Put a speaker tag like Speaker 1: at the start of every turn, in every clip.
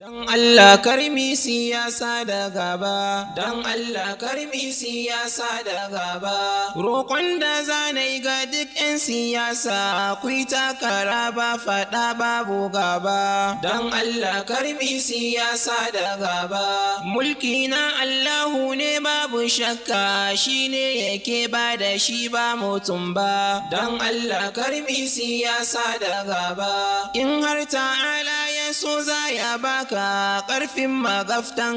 Speaker 1: Dan Allah karmi siyasa da gaba, dan Allah karmi siyasa da gaba. Roƙon da zanai ga duk 'yan siyasa, akwai takara ba faɗa babu gaba. Dan Allah karmi siyasa da gaba. Mulki na Allahu ne babu shakka, shi ne yake ba da shi ba mutum ba. Dan Allah karmi siyasa da gaba. In har ta'ala so za ya baka ƙarfin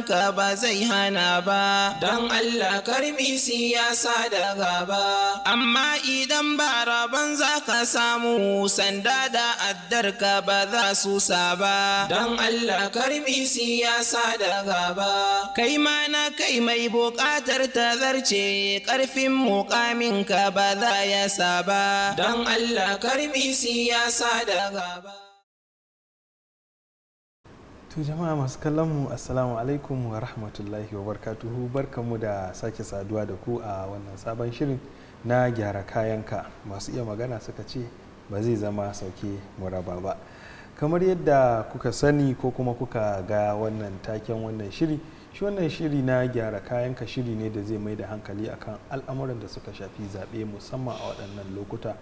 Speaker 1: ka ba zai hana ba don Allah karmi siyasa da gaba amma idan ba rabon za ka samu sanda da addarka ba za su sa ba don Allah karmi siyasa da gaba kai ma na kai mai buƙatar ta zarce ƙarfin muƙaminka ba za ya sa ba don Allah karmi siyasa da gaba
Speaker 2: to jama'a masu kallon mu assalamu alaikum wa rahmatullahi wa barkatuhu barkanmu da sake saduwa da ku a wannan sabon shirin na gyara kayanka masu iya magana suka ce ba zai zama sauke muraba ba kamar yadda kuka sani ko kuma kuka ga wannan taken wannan shiri shi wannan shiri na gyara kayanka shiri ne da zai mai da hankali akan al'amuran da suka shafi zaɓe musamman a waɗannan lokuta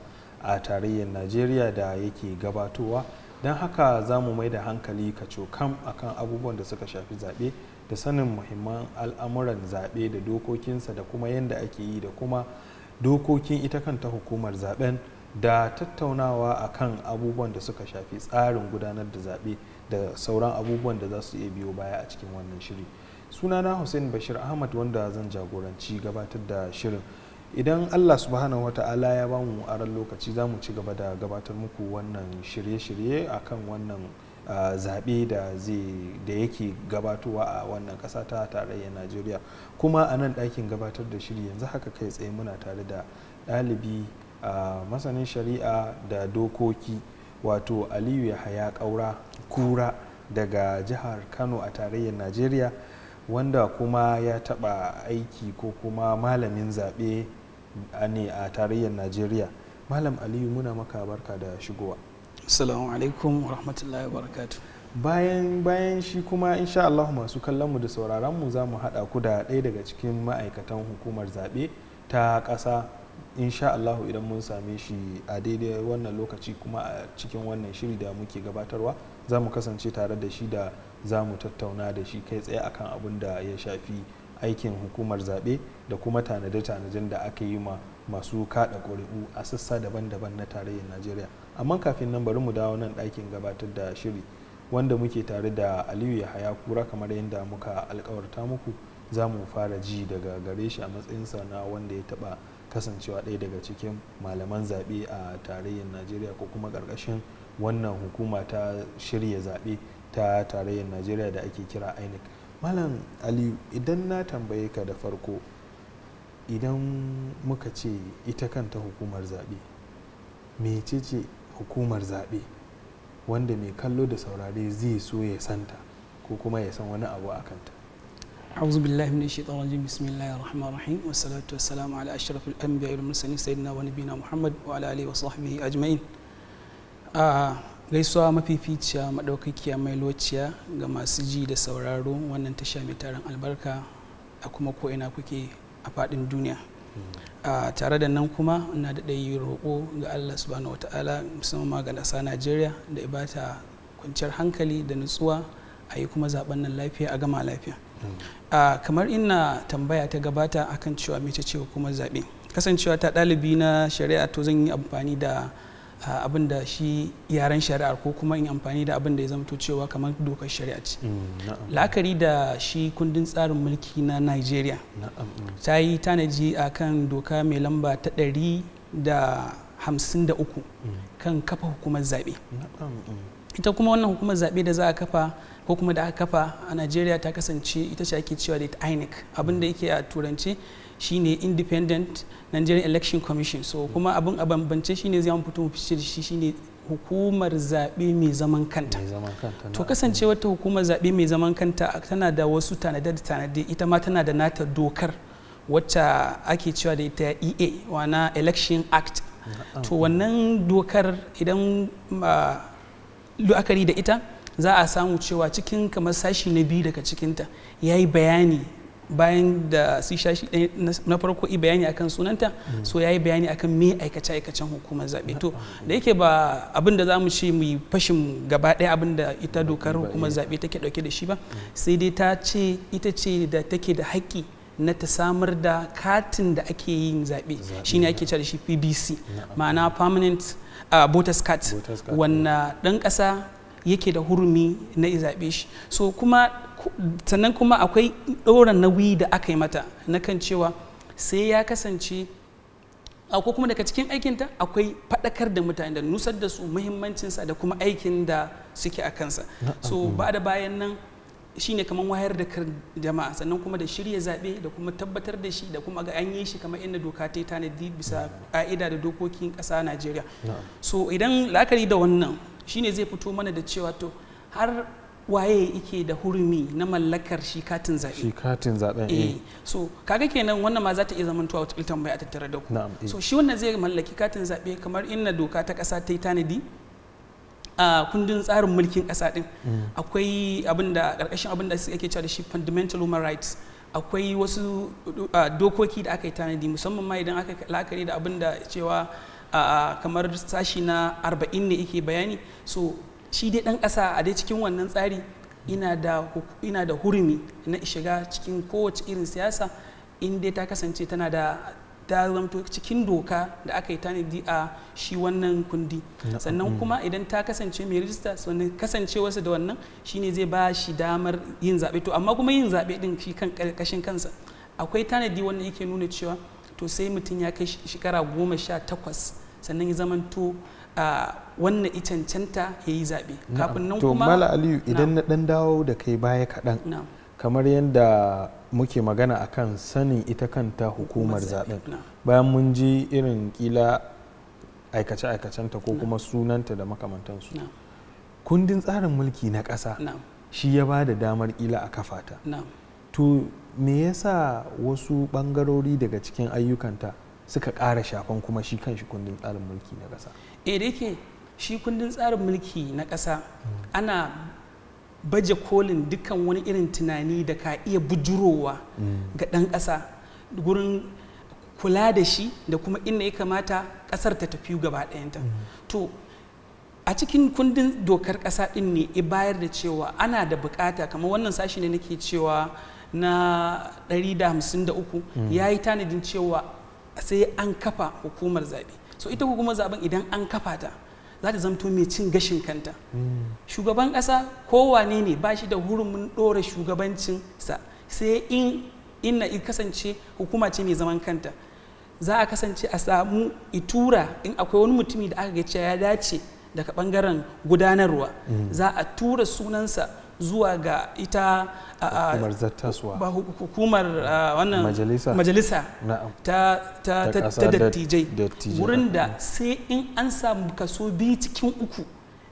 Speaker 2: a tarayyar najeriya da yake gabatowa don haka za mu mai da hankali ka kacokam akan abubuwan da suka shafi zaɓe da sanin muhimman al'amuran zaɓe da dokokinsa da kuma yadda ake yi da kuma dokokin ita kanta hukumar zaɓen da tattaunawa akan abubuwan da suka shafi tsarin gudanar da zaɓe da sauran abubuwan da za su iya biyo baya a cikin wannan shiri sunana hussein bashir ahmad wanda zan jagoranci gabatar da shirin idan allah subhanahu wata'ala ya ba mu aran lokaci za mu ci gaba da gabatar muku wannan shirye-shirye a kan wannan zaɓe da zai da yake gabatowa a wannan ƙasa ta tarayyar najeriya kuma a nan ɗakin gabatar da shiri yanzu haka kai tsaye muna tare da ɗalibi a masanin shari'a da dokoki wato aliyu yahaya ƙaura kura daga jihar kano a tarayyar najeriya wanda kuma ya taɓa aiki ko kuma malamin zaɓe ne a tarayyar najeriya malam aliyu muna maka barka da shigowa
Speaker 3: assalamu alaikum wa rahmatullahi wa
Speaker 2: bayan bayan shi kuma insha Allah masu kallonmu da sauraronmu za mu haɗa ku da ɗaya daga cikin ma'aikatan hukumar zaɓe ta ƙasa insha Allah idan mun same shi a daidai wannan lokaci kuma a cikin wannan shiri da muke gabatarwa za mu kasance tare da shi da za mu tattauna da shi kai tsaye akan abin da ya shafi aikin hukumar zaɓe da kuma tanade-tanaden da aka yi ma masu kada ƙuri'u a sassa daban-daban na tarayyar najeriya amma kafin nan bari mu dawo nan ɗakin gabatar da shiri wanda muke tare da aliyu ya haya kura kamar yadda muka alkawarta muku za mu fara ji daga gare shi a matsayinsa na wanda ya taɓa kasancewa ɗaya daga cikin malaman zaɓe a tarayyar najeriya ko kuma ƙarƙashin wannan hukuma ta shirya zaɓe ta tarayyar najeriya da ake kira inec malam aliyu idan na tambaye ka da farko idan muka ce ita kanta hukumar zaɓe mecece hukumar zaɓe wanda mai kallo da saurare zai so ya santa ko kuma ya san wani abu a kanta
Speaker 3: أعوذ بالله من الشيطان الرجيم بسم الله الرحمن الرحيم والصلاة والسلام على أشرف الأنبياء والمرسلين سيدنا ونبينا محمد وعلى آله وصحبه أجمعين آه gaisuwa mafificiya maɗaukakiya mai lociya ga masu ji da sauraro wannan tasha mai taron albarka a kuma ko'ina kuke a faɗin duniya hmm. a ah, tare da nan kuma na da yi roƙo ga allah subhanahu ta'ala musamman ga ƙasa najeriya da ibata kwanciyar hankali da nutsuwa a yi kuma zaɓen nan lafiya a gama lafiya hmm. a ah, kamar ina tambaya ta gabata akan cewa mece ce kuma zaɓe kasancewa ta ɗalibi na shari'a to zan yi amfani da abin da shi yaren shari'ar ko kuma in amfani da abin da ya zamto cewa kamar dokar shari'a ce
Speaker 2: mm,
Speaker 3: la'akari da shi kundin tsarin mulki na nigeria mm. ta yi tanaji a kan doka mai lamba ta ɗari da hamsin da uku mm. kan kafa hukumar zaɓe ita kuma wannan hukumar zaɓe da za a kafa ko kuma da aka kafa a nigeria ta kasance ita ce ake cewa da inec abin da yake a turanci shine independent nigerian election commission so kuma abin a bambance shine zai mu fito fice da shi shine hukumar zaɓe mai zaman kanta to kasance wata hukumar zaɓe mai zaman kanta tana da wasu da tanadar ita ma tana da nata dokar wacce ake cewa da ita ea wana election act to wannan dokar idan ah, lu'akari da ita za a samu cewa cikin kamar sashi na biyu daga cikinta ya yi bayani bayan da su shashi na farko i bayani akan sunanta mm. so ya yi bayani akan me aikace aikacen hukumar zaɓe to mm. da yake ba abin da za mu ce mu fashin gaba ɗaya abin da ita mm. dokar hukumar zaɓe take ɗauke da shi ba sai dai ta ce ita ce da take da haƙƙi na ta samar da katin da ake yin zaɓe ne ake cewa da shi pbc ma'ana permanent uh, voters card wannan ɗan ƙasa yake da hurumi na zaɓe shi so kuma sannan kuma akwai ɗora nauyi da aka yi mata na kan cewa sai ya kasance ko kuma daga cikin aikinta akwai faɗakar da mutane da nusar da su muhimmancinsa da kuma aikin da suke a kansa so ba da bayan nan shine kamar wayar da kan jama'a sannan kuma da shirya zaɓe da kuma tabbatar da shi da kuma ga an yi shi kamar inda doka ta yi tanadi bisa ƙa'ida da dokokin ƙasa najeriya so idan la'akari da wannan shine zai fito mana da cewa to har waye yake da hurumi na mallakar shi katin zaɓe shi katin zaɓe. Eh, eh so kaga kenan wannan ma za ta iya tuwa wata tambaya a tattare da ku eh. so shi wannan zai mallaki katin zaɓe kamar inna doka ta ƙasa ta yi tanadi a kundin tsarin mulkin ƙasa din mm. akwai abin ƙarƙashin abin da suke cewa da shi fundamental human rights akwai wasu dokoki da aka yi tanadi musamman ma idan aka la'akari da abin da cewa kamar sashi na 40 ne yake bayani so shi dai ɗan ƙasa a dai cikin wannan tsari ina da hurumi na shiga cikin kowace irin siyasa in dai ta kasance tana da ta zamto cikin doka da aka yi tanadi a shi wannan kundi sannan mm. kuma idan ta kasance mai rijista sannan wasu da wannan shine zai ba shi damar yin zaɓe to amma kuma yin zaɓe din shi kan ƙarƙashin kansa akwai tanadi wanda yake nuna cewa to sai mutum ya kai shekara goma sha takwas sannan ya zamanto wannan canta ya yi zaɓe
Speaker 2: kafin nan kuma mala aliyu idan na ɗan dawo da kai baya kaɗan kamar yadda muke magana a kan sanin ita kanta hukumar zaɓen bayan mun ji irin kila aikace-aikacenta ko kuma sunanta da makamantansu kundin tsarin mulki na ƙasa shi ya ba da damar kila a kafa ta. to me yasa wasu ɓangarori daga cikin ayyukanta suka ƙara shafan kuma
Speaker 3: shi kan shi kundin tsarin mulki na ƙasa eh da yake shi kundin tsarin mulki na ƙasa ana baje kolin dukkan wani irin tunani da ka iya bujurowa ga ɗan ƙasa gurin kula da shi da kuma inda ya kamata ƙasar ta tafi gaba ɗayanta to a cikin kundin dokar ƙasa ɗin ne ya bayar da cewa ana da buƙata kamar wannan sashi ne nake cewa na 153 ya yi tanadin cewa sai an kafa hukumar zaɓe so ita kuma zaben idan an kafa ta za ta zamto mai cin gashin kanta hmm. shugaban ƙasa kowane ne ba shi da hurumin ɗora sa sai in inna kasance hukuma ce mai zaman kanta za a kasance a samu itura in akwai wani mutumi da aka ga ya dace daga bangaren gudanarwa hmm. za a tura sunansa zuwa ga ita hukumar wannan majalisa ta dattijai wurin da sai in an samu kaso biyu cikin uku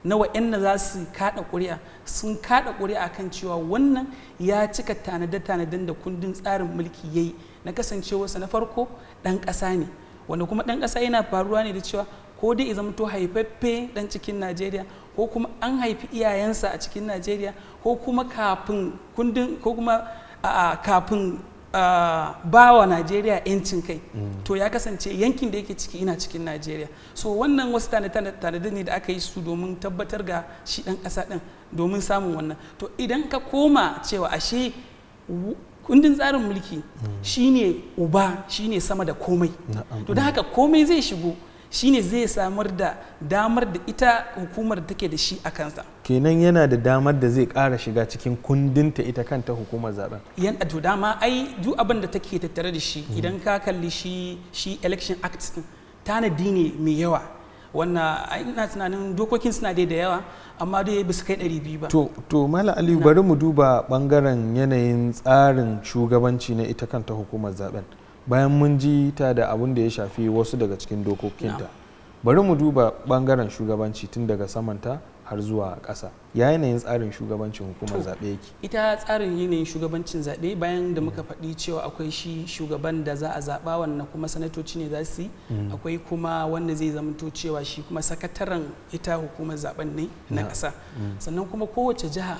Speaker 3: na wa'yan za su kada ƙuri'a sun kada ƙuri'a kan cewa wannan ya cika tanade tanadar da kundin tsarin mulki ya yi na kasancewarsa na farko dan ƙasa ne wanda kuma dan ƙasa yana faruwa ne da cewa ko dai ya to haifaffe dan cikin najeriya ko kuma an haifi iyayensa a cikin najeriya ko kuma kafin kundin ko kuma kafin ba wa najeriya yancin kai mm. to ya kasance yankin da yake ciki ina cikin najeriya so wannan wasu tanadin ne da aka yi su domin tabbatar ga shi dan kasa din domin samun wannan to idan ka koma cewa ashe kundin tsarin mulki mm. shine uba shine sama da komai to don haka komai zai shigo shine zai samar da damar da ita hukumar take da shi a kansa
Speaker 2: kenan yana da damar da zai kara shiga cikin kundinta ita kanta hukumar zaben
Speaker 3: yana to dama ai duk abin da take tattare da shi hmm. idan ka kalli shi shi election act tanadi ne mai yawa wannan ina tunanin dokokin suna da yawa amma dai ba su kai ɗari biyu ba to
Speaker 2: to mala aliyu bari mu duba bangaren yanayin tsarin shugabanci na ita kanta hukumar zaben bayan mun ji ta da abin da ya shafi wasu daga cikin dokokinta bari mu duba bangaren shugabanci tun daga saman ta har zuwa ƙasa ya yanayin tsarin shugabancin hukumar zaɓe yake
Speaker 3: ita tsarin yanayin shugabancin zaɓe bayan da muka mm. faɗi cewa akwai shi shugaban da za a zaɓa wannan kuma sanatoci ne za su yi mm. akwai kuma wanda zai zamanto cewa shi kuma sakataren ita hukumar zaɓen ne na ƙasa mm. sannan kuma kowace jiha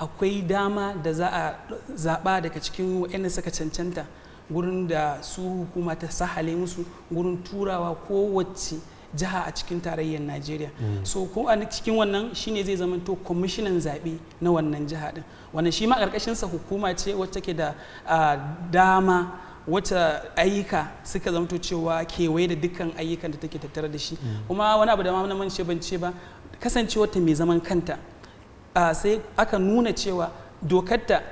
Speaker 3: akwai dama da za a zaɓa daga cikin waɗanda suka cancanta gurin da su hukuma ta sahale musu gurin turawa kowace jiha a cikin tarayyar najeriya mm. so ko a cikin wannan shine zai zama to kwamishinan zaɓe na wannan jiha din wannan shi ma ƙarƙashinsa hukuma ce wacce ke da dama wata ayyuka suka to cewa kewaye da dukkan ayyukan da take tattare da shi mm. kuma wani abu da ma ban ce ban ce ba ta mai zaman kanta sai aka nuna cewa dokarta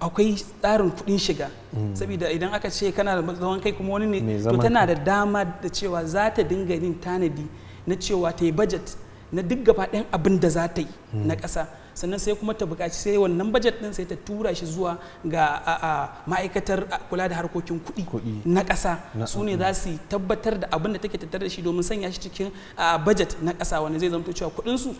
Speaker 3: akwai tsarin kuɗin shiga saboda idan aka ce kana da zaman kai kuma wani ne to tana da dama da cewa za ta dinga yin tanadi na cewa ta yi budget na duk gaba ɗayan abin da za ta yi na hmm. ƙasa sannan sai kuma ta buƙaci sai wannan bajet din sai ta tura shi zuwa ga ma'aikatar kula da harkokin kuɗi na ƙasa su ne za su tabbatar da abin da take tattare da shi domin sanya shi cikin bajet na ƙasa wanda zai zamto cewa kuɗin su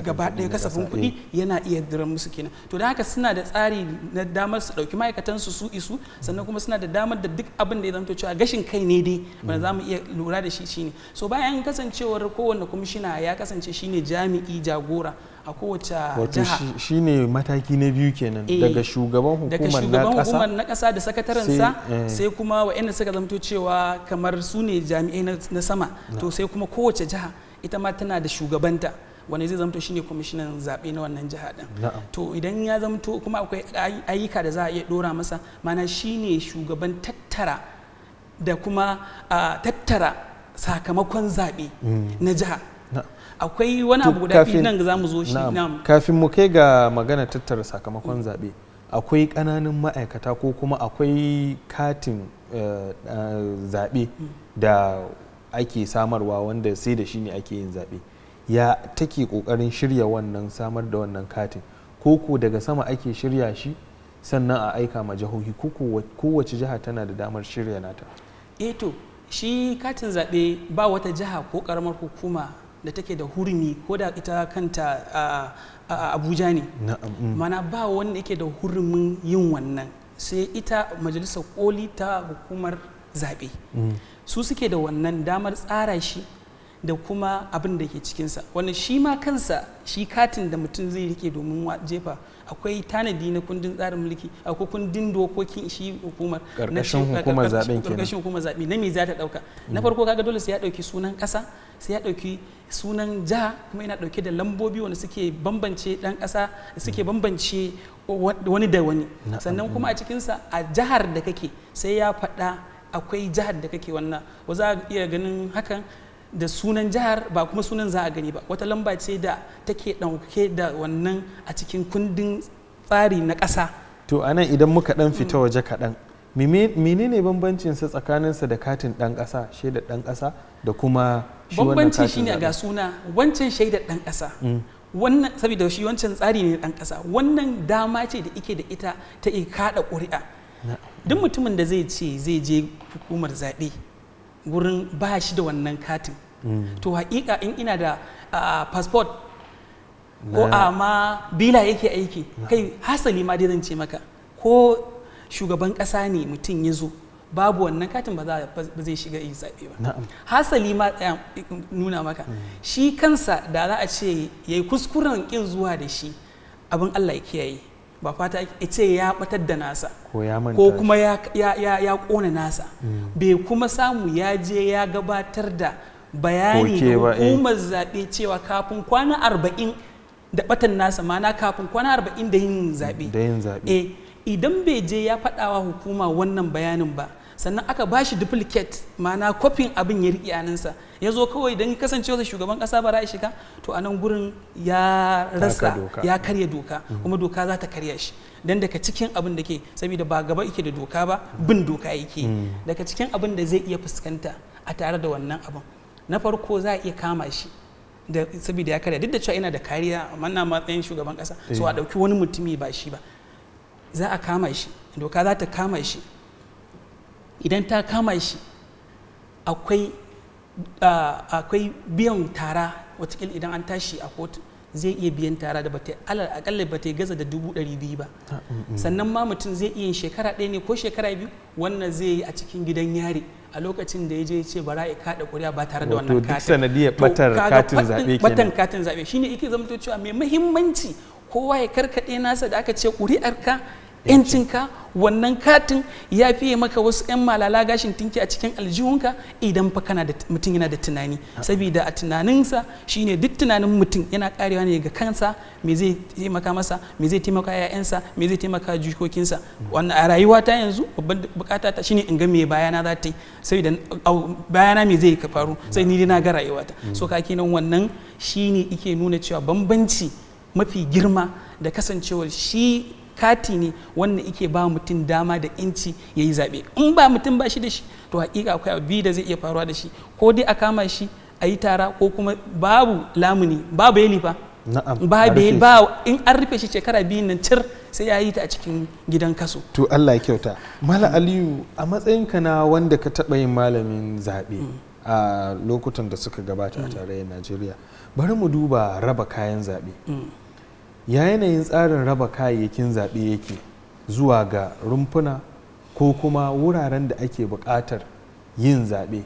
Speaker 2: gaba ɗaya kasafin kuɗi
Speaker 3: eh. yana iya dira musu kenan to da haka suna da tsari na damar su ɗauki ma'aikatan su su isu sannan kuma suna da damar da duk abin da ya zamto cewa gashin kai ne dai wanda za mu iya lura da shi shine so bayan kasancewar kowanne kwamishina ya kasance shine jami'i jagora a kowace jiha
Speaker 2: shi ne mataki na biyu kenan eh, daga shugaban hukumar na kasa shugaban
Speaker 3: na kasa da sakatarensa sai eh. kuma wa'anda suka zamto cewa kamar su ne jami'ai na sama to sai kuma kowace jiha ita ma tana da shugabanta wani zai zamto shine kwamishinan zaɓe na wannan jiha ɗin to idan ya zamto kuma akwai ayyuka da za a iya ɗora masa mana shine shugaban tattara da kuma ah, tattara sakamakon zaɓe mm. na jiha akwai wani abu guda fi nan za mu zo shi
Speaker 2: kafin mu kai ga magana tattara sakamakon mm. zaɓe akwai ƙananan ma'aikata ko kuma akwai katin eh, zaɓe mm. da ake samarwa wanda sai da shi ne ake yin zaɓe ya take ƙoƙarin shirya wannan samar da wannan katin ko daga sama ake shirya shi sannan a aika ma jihohi kowace jiha tana da damar shirya nata
Speaker 3: eto eh shi katin zaɓe ba wata jiha ko ƙaramar hukuma da take da hurumi ko da ita kanta a abuja ne
Speaker 2: mm. mana
Speaker 3: ba wanda yake da hurumin yin wannan sai ita majalisar koli ta hukumar zaɓe mm. su suke da wannan damar tsara shi da kuma abin da ke cikinsa wannan shi ma kansa shi katin da mutum zai rike domin jefa akwai tanadi na kundin tsarin mulki akwai kundin dokokin shi hukumar karkashin hukumar zaɓe karkashin hukumar na me za ta dauka na mm. farko kaga dole sai ya dauki sunan kasa sai ya dauki sunan jiha kuma yana dauke da lambobi wanda suke bambance dan kasa suke mm. bambance wani da wani sannan kuma a cikinsa a jihar da kake sai ya faɗa akwai jihar da kake wannan wa za a iya ganin hakan da sunan jihar ba kuma sunan za a gani ba wata lamba ce da take ɗauke da wannan a cikin kundin tsari na ƙasa
Speaker 2: to anan idan muka ɗan fita mm. waje kaɗan sa tsakanin sa da katin ɗan ƙasa shaidar ɗan ƙasa da kuma shi ne ga
Speaker 3: suna wancan shaidar ɗan ƙasa mm. wannan saboda shi wancan tsari ne ɗan ƙasa wannan dama ce da ike da ita ta kaɗa ƙuri'a duk mutumin da zai ce zai je hukumar zaɓe wurin ba shi da wannan katin to haƙiƙa in ina da passport ko a ma bila yake aiki kai hasali ma dai zan ce maka ko shugaban ƙasa ne mutum ya zo babu wannan katin ba zai shiga yin zaɓe ba hasali ma tsaya eh, nuna maka hmm. shi kansa da za a ce ya yi kuskuren ƙin zuwa da shi abin allah ya kiyaye ba fata ce ya batar da nasa ko kuma ya kona nasa mm. bai kuma samu ya je ya gabatar da bayani da eh. hukumar zaɓe cewa kafin kwana arba'in da batan nasa mana kafin kwana arba'in da yin zaɓe eh, idan bai je ya faɗawa hukuma wannan bayanin ba sannan aka ba shi duplicate ma'ana kofin abin ya riƙe aninsa ya zo kawai don kasancewa shugaban ƙasa ba ra'ayi shiga to a nan gurin ya rasa ya karya doka mhm. kuma doka za ta karya shi don daga cikin abin da ke saboda ba gaba yake da doka ba bin doka yake mhm. daga cikin abin da zai iya fuskanta a tare da wannan abin na farko za a iya kama shi da saboda ya karya duk da cewa yana da kariya manna matsayin shugaban kasa so a eh. ɗauki wani mutumi ba shi ba za a kama shi doka za ta kama shi idan ta kama shi akwai akwai biyan tara watakila idan an tashi a kotu zai iya biyan tara da bata alal akalla bata gaza da dubu ɗari biyu ba
Speaker 2: mm, mm.
Speaker 3: sannan ma mutum zai iya shekara ɗaya ne ko shekara biyu wannan zai yi a cikin gidan yari a lokacin da ya je ce bara ya kaɗa ƙuri'a ba tare da wannan katin duk sanadiyar batar katin zaɓe kenan batan katin zaɓe shine yake zamto cewa mai muhimmanci kowa ya karkaɗe nasa da aka ce ka. yancinka wannan katin ya fiye maka wasu 'yan malala gashin tinki a cikin aljihunka idan fa kana da mutum yana da tunani ah. saboda a tunaninsa shine duk tunanin mutum yana karewa ne ga kansa me zai taimaka masa me zai taimaka yayansa me zai taimaka jikokinsa wannan a rayuwa ta yanzu babban bukata ta shine in ga me bayana za ta yi saboda bayana me zai faru sai ni na ga rayuwata mm. so kake nan wannan shine ike nuna cewa bambanci mafi girma da kasancewar shi kati ne wannan ike ba mutum dama da inci ya yi zaɓe in ba mutum ba shi da shi to hakika akwai abu da zai iya faruwa da shi ko dai a kama shi a yi tara ko kuma babu lamuni babu yali ba in an rufe shi shekara biyu nan cir sai ya yi ta a cikin gidan kaso
Speaker 2: to Allah ya kyauta mala aliyu a matsayin ka na wanda ka taɓa yin malamin zaɓe mm. a lokutan da suka gabata a mm. tarayyar najeriya bari mu duba raba kayan zaɓe mm. ya yanayin tsarin raba kayayyakin zaɓe yake zuwa ga rumfuna ko kuma wuraren da ake buƙatar yin zaɓe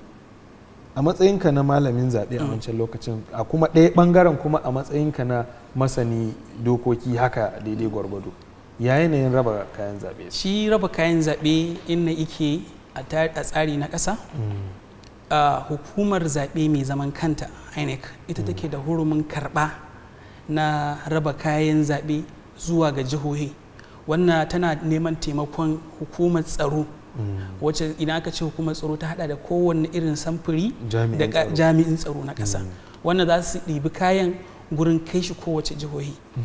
Speaker 2: a matsayinka na malamin zaɓe a mm. wancan lokacin a kuma ɗaya ɓangaren kuma a matsayinka na masani dokoki haka daidai gwargwado ya yanayin raba kayan zaɓe
Speaker 3: shi raba kayan zaɓe inna ike a tsari na ƙasa mm. hukumar zaɓe mai zaman kanta inec ita mm. take da hurumin karɓa na raba kayan zaɓe zuwa ga jihohi wannan tana neman taimakon hukumar tsaro mm. wacce idan aka ce hukumar tsaro ta hada da kowanne irin samfuri da jami'in tsaro na ƙasa mm. wannan za su ɗibi kayan gurin kai shi kowace jihohi mm.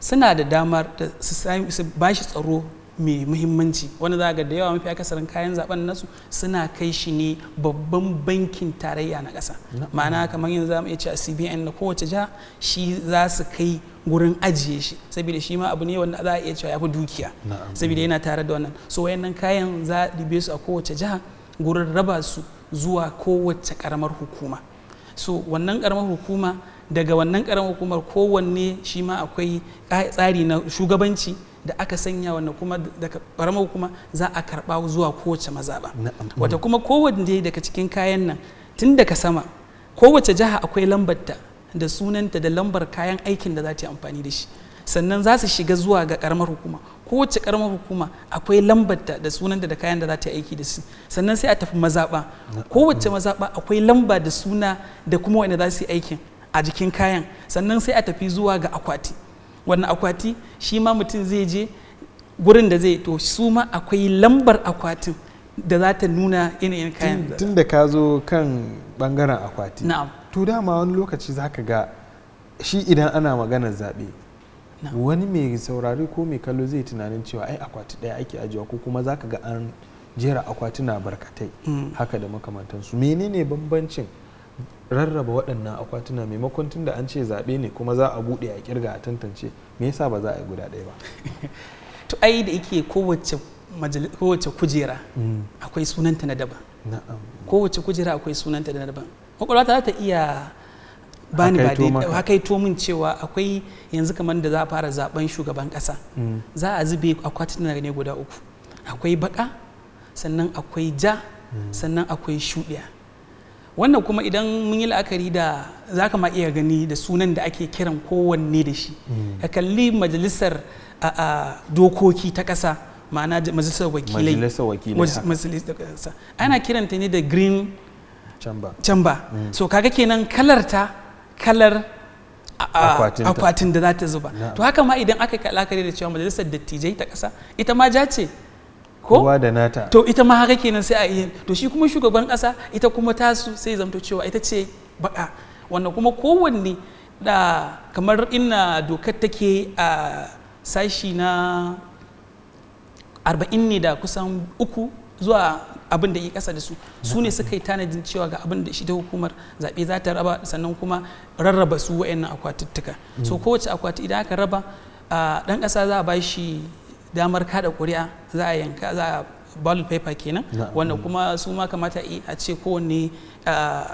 Speaker 3: suna da damar da su ba shi tsaro mai muhimmanci wani za ga da yawa mafi akasarin kayan zaben nasu suna kai shi ne babban bankin tarayya na ƙasa ma'ana kamar yanzu zamu iya cewa CBN na kowace jiha shi za su kai gurin ajiye shi saboda shi ma abu ne wanda za a iya cewa ya fi dukiya saboda yana tare da wannan so wayannan kayan za a dube su a kowace jiha gurin raba su zuwa kowace karamar hukuma so wannan karamar hukuma daga wannan karamar hukumar kowanne shi ma akwai tsari na shugabanci da aka sanya wanda kuma daga ƙaramar kuma za a karɓa zuwa kowace mazaɓa wata kuma kowanne daga cikin kayan nan tun daga sama kowace jiha akwai lambarta da sunanta da lambar kayan aikin da za ta yi amfani da shi sannan za su shiga zuwa ga ƙaramar hukuma kowace ƙaramar hukuma akwai lambarta da sunanta da kayan da za ta yi aiki da su sannan sai a tafi mazaɓa kowace mazaɓa akwai lamba da suna da kuma wanda za su yi aikin a jikin kayan sannan sai a tafi zuwa ga akwati wannan akwati shi ma mutum zai je gurin da zai to su ma akwai lambar akwatin da za ta nuna yanayin kayan tun da
Speaker 2: ka zo kan bangaren akwati na'am to dama wani lokaci za ka ga shi idan ana maganar zaɓe wani mai saurari ko mai kallo zai tunanin cewa ai akwati ɗaya ake ajiyewa ko kuma za ka ga an jera akwatuna barkatai mm. haka da makamantansu menene bambancin rarraba waɗannan akwatuna maimakon tun da an ce zaɓe ne kuma za a buɗe a kirga a tantance me yasa ba za a yi guda ɗaya ba
Speaker 3: to ai da yake kowace mm. kowace kujera akwai sunanta na daban kowace kujera akwai sunanta na daban kwakwalwa ta ta iya bani ba haka hakaito min cewa akwai yanzu kamar da za a fara zaben shugaban kasa mm. za a zube akwatuna ne guda uku akwai baka sannan akwai ja mm. sannan akwai shuɗiya wannan kuma idan mun yi la'akari da za ka ma iya gani da sunan da ake kiran kowanne da shi a kalli majalisar dokoki ta ƙasa ma'ana majalisar wakilai ana kiran ana kiranta ne da green chamber mm. so kaga kenan kalar ta kalar akwatin da za ta zuba to haka ma idan aka la'akari da cewa majalisar dattijai ta ƙasa ita ma ja ce kowa
Speaker 2: da nata to
Speaker 3: ita ma haka kenan sai a iya to shi kuma shugaban kasa ita kuma tasu sai zamto cewa ita ce baka wannan kuma kowanne da kamar ina dokar take a sashi na arba'in ne da kusan uku zuwa abin da yi kasa da su su ne suka yi tanadin cewa ga abin da shi ta hukumar zaɓe za ta raba sannan kuma rarraba su wa'annan akwatuttuka so mm. kowace akwati idan aka raba ɗan ƙasa za a ba damar kada kuri'a za a yanka za a ballot paper kenan wanda kuma su ma kamata a ce kowanne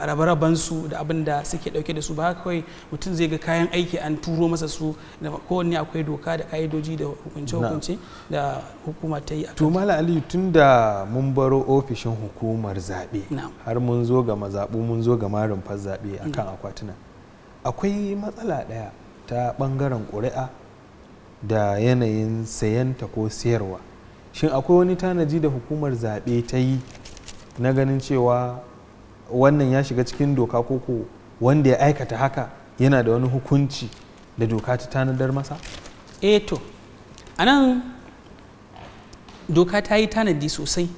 Speaker 3: rabe su da abin da suke dauke da su ba kawai mutum zai ga kayan aiki an turo masa su da kowanne akwai doka da ka'idoji da hukunce-hukunce da hukuma ta yi a to mala aliyu tun
Speaker 2: da mun baro ofishin hukumar zaɓe har mun zo ga mazaɓu mun zo ga marin zaɓe akan mm. akwatuna akwai matsala ɗaya ta ɓangaren ƙuri'a da yanayin sayanta ko siyarwa shin akwai wani tanaji da hukumar zaɓe ta yi na ganin cewa wannan ya shiga cikin doka koko wanda ya aikata haka yana da wani hukunci da doka ta tanadar masa?
Speaker 3: eto eh a nan doka ta yi tanadi sosai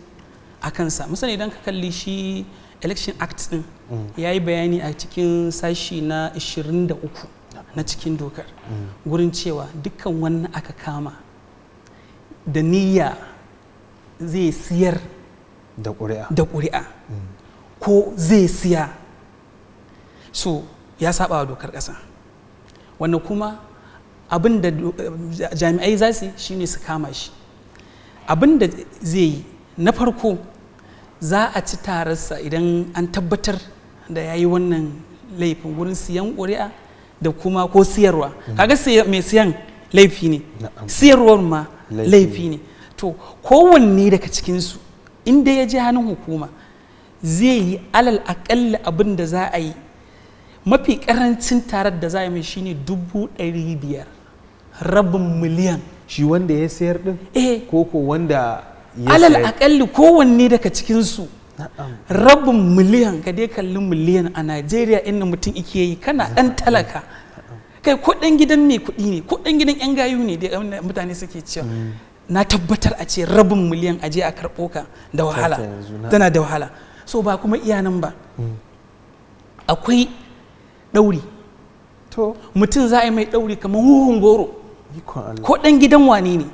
Speaker 3: a kansa musamman idan ka kalli shi election act din mm. ya yi bayani a cikin sashi na 23 na cikin dokar gurin cewa dukkan wannan aka kama da niyya zai siyar da ƙuri'a ko zai siya so ya saba wa dokar ƙasa wannan kuma abin da jami'ai za su yi shine su kama shi abin da zai yi na farko za a ci tararsa idan an tabbatar da ya yi wannan laifin wurin siyan ƙuri'a da kuma ko siyarwa kaga mai siyan laifi ne siyarwar ma laifi ne to kowanne daga cikinsu inda ya je hannun hukuma zai yi alal aƙalla abin da za a yi mafi karancin tarar da za a yi mai shine dubu ɗari biyar rabin miliyan shi wanda ya sayar din eh ko wanda ya alal aƙalli kowanne daga cikinsu rabin miliyan ka dai kalli miliyan a najeriya inda mutum ike yi kana dan talaka kai kudin gidan mai kudi ne kudin gidan yan gayu ne da mutane suke cewa mm. na tabbatar a ce rabin miliyan a je a karɓo ka da wahala tana da wahala so ba kuma iyanan ba mm. akwai ɗauri mutum za a yi mai ɗauri kamar huhun goro ko ɗan gidan wane ne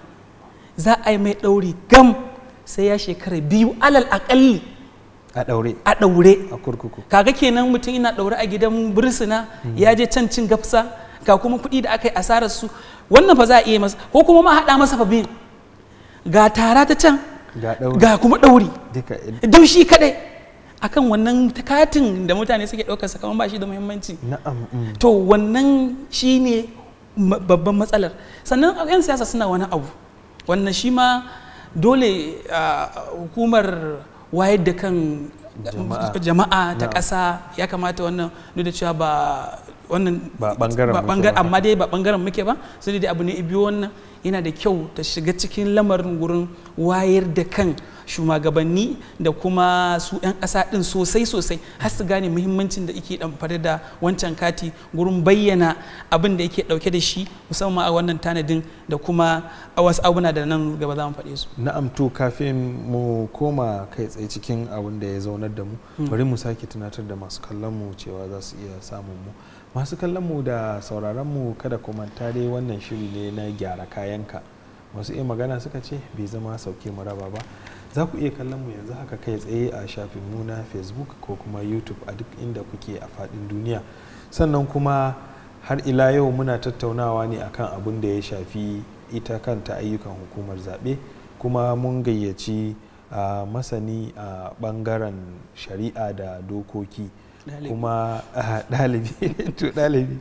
Speaker 3: za a yi mai ɗauri gam sai ya shekara biyu alal aƙalli a daure a daure a kurkuku kaga kenan mutum ina daure a gidan bursuna hmm. ya je can cin gafsa ga kuma kuɗi da aka yi asarar su wannan fa za a iya masa ko kuma ma haɗa masa fa bin ga tara ta can ga kuma ɗauri duk shi kadai akan wannan katin da mutane suke ɗaukar sa kamar ba shi da muhimmanci mm. to wannan shine babban matsalar sannan 'yan siyasa suna wani abu wannan shi ma dole ah, hukumar wayar da kan jama'a ta ƙasa ya kamata wannan nuna cewa ba wannan ba bangaren amma dai ba bangaren muke ba sai dai abu ne ibi wannan yana da kyau ta shiga cikin lamarin wurin wayar da kan shugabanni da kuma su 'yan ƙasa ɗin sosai sosai har su gane muhimmancin da ike ɗamfare da wancan kati gurin bayyana abin da yake ɗauke da shi musamman a wannan tanadin da kuma a wasu abuna da nan gaba za mu faɗe su
Speaker 2: na'am to kafin mu koma kai tsaye cikin abin da ya zaunar da mu hmm. bari mu sake tunatar da masu kallon mu cewa za su iya samun mu masu kallon mu da sauraron mu kada kuma dai wannan shiri ne na gyara kayanka masu iya magana suka ce bai zama sauke mu raba ba za ku iya kallon mu yanzu haka kai tsaye a shafin mu na facebook ko kuma youtube a duk inda kuke a fadin duniya sannan kuma har ila yau muna tattaunawa ne akan abin da ya shafi ita kanta ayyukan hukumar zaɓe kuma mun gayyaci ah, masani a ɓangaren shari'a da dokoki kuma ah, ɗalibi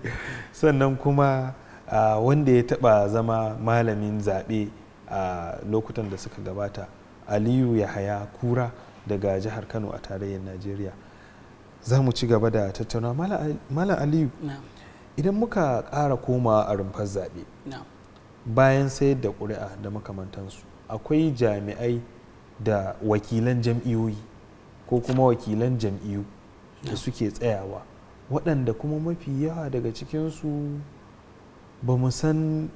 Speaker 2: sannan kuma ah, wanda ya taɓa zama malamin zaɓe a lokutan da suka gabata aliyu yahaya kura daga jihar kano a tarayyar najeriya za mu ci gaba da tattauna mala aliyu idan muka ƙara koma a rumfar zaɓe bayan sayar da ƙuri'a da makamantansu akwai jami'ai da wakilan jam'iyoyi ko kuma wakilan jam'iyu. da suke tsayawa waɗanda kuma mafi yawa daga cikinsu ba mu san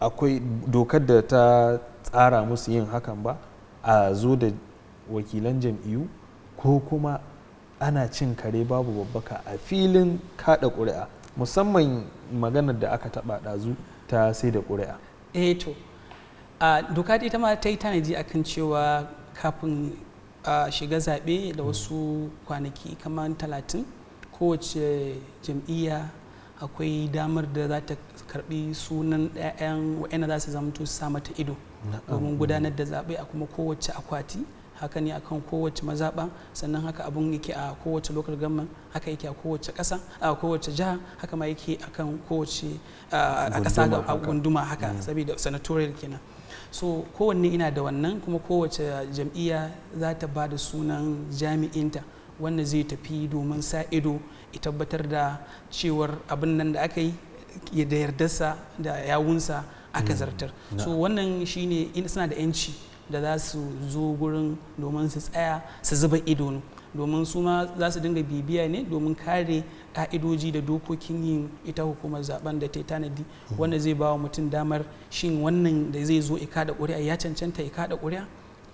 Speaker 2: akwai dokar da ta tsara musu yin hakan ba a zo da wakilan jam'iyyu ko kuma ana cin kare babu babbaka a filin kada ƙuri'a musamman maganar da aka taɓa ɗazu ta sai da ƙuri'a.
Speaker 3: eh to doka ita ma ta yi tanaji akan cewa kafin a shiga zaɓe da wasu kwanaki kamar talatin kowace jam'iyya akwai damar da za ta karbi sunan 'ya'yan wa'ina za su zama su sa mata ido domin gudanar da zaɓe a kuma kowace akwati haka ne akan kowace mazaɓa sannan haka abun yake a kowace local government haka yake a kowace ƙasa a kowace jiha haka ma yake akan kowace a ƙasa ga gunduma haka mm. saboda senatorial kenan so kowanne ina da wannan kuma kowace jam'iyya za ta ba da sunan jami'inta wanda zai tafi domin sa ido ya tabbatar da cewar abin nan da aka yi da yardarsa da yawunsa aka mm. zartar so wannan shine suna da 'yanci da za su zo gurin domin su tsaya su zuba ido domin su ma za su dinga bibiya ne domin kare ka'idoji da dokokin yin ita hukumar zaben da ta tanadi mhm. wanda zai ba wa mutum damar shin wannan da zai zo ya kada ƙuri'a ya cancanta ya kada ƙuri'a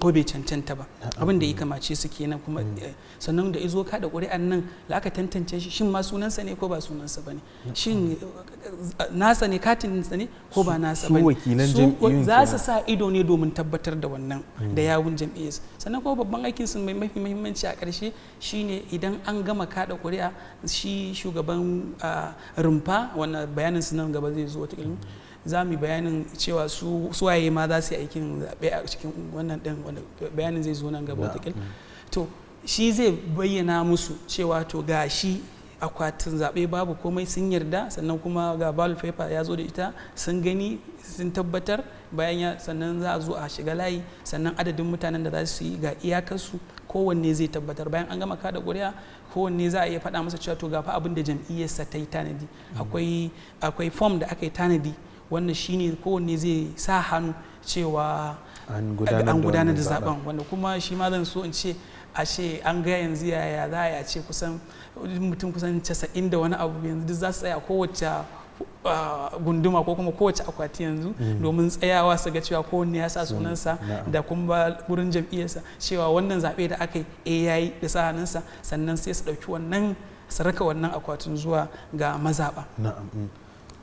Speaker 3: ko bai cancanta ba abin da ya kamace su kenan kuma mm. eh, sannan da izo da ƙuri'an nan da aka tantance shi shin ma sunansa ne ko ba sunansa ba ne mm. shin eh, eh, nasa ne katinsa ne ko ba nasa ba ne za su sa ido ne domin tabbatar da wannan mm. da yawun jam'iyyar sannan kuma babban aikin su mai mafi muhimmanci a ƙarshe shine idan an gama kada ƙuri'a shi shugaban ah, rumfa wannan bayanin sunan nan gaba zai zo wata ilimi za mu bayanin cewa su suwaye ma za su yi aikin zaɓe a cikin wannan ɗin wanda bayanin zai zo nan gaba da mm. to shi zai bayyana musu cewa to ga shi akwatin zaɓe babu komai sun yarda sannan kuma ga ballot paper ya zo da ita sun gani sun tabbatar bayan ya sannan za a zo a shiga layi sannan adadin mutanen da za su yi ga iyakarsu kowanne zai tabbatar bayan an gama kada ƙuri'a kowanne za a iya faɗa masa cewa to ga fa abin da jam'iyyarsa ta yi tanadi mm. akwai akwai form da aka yi tanadi wannan shine kowanne zai sa hannu cewa
Speaker 2: an gudanar da zaben
Speaker 3: wanda kuma shi ma zan so in ce ce an ga yanzu yaya za a ce kusan mutum kusan casa'in da wani abu yanzu duk za su tsaya kowace gunduma ko kuma kowace akwati yanzu mm. domin tsayawa su ga cewa kowanne ya sa sunansa da kuma wurin jam'iyyarsa cewa wannan zaɓe da aka yi eh, yayi da sa hannunsa sannan sai su ɗauki wannan su raka wannan akwatin zuwa ga mazaɓa. Mm.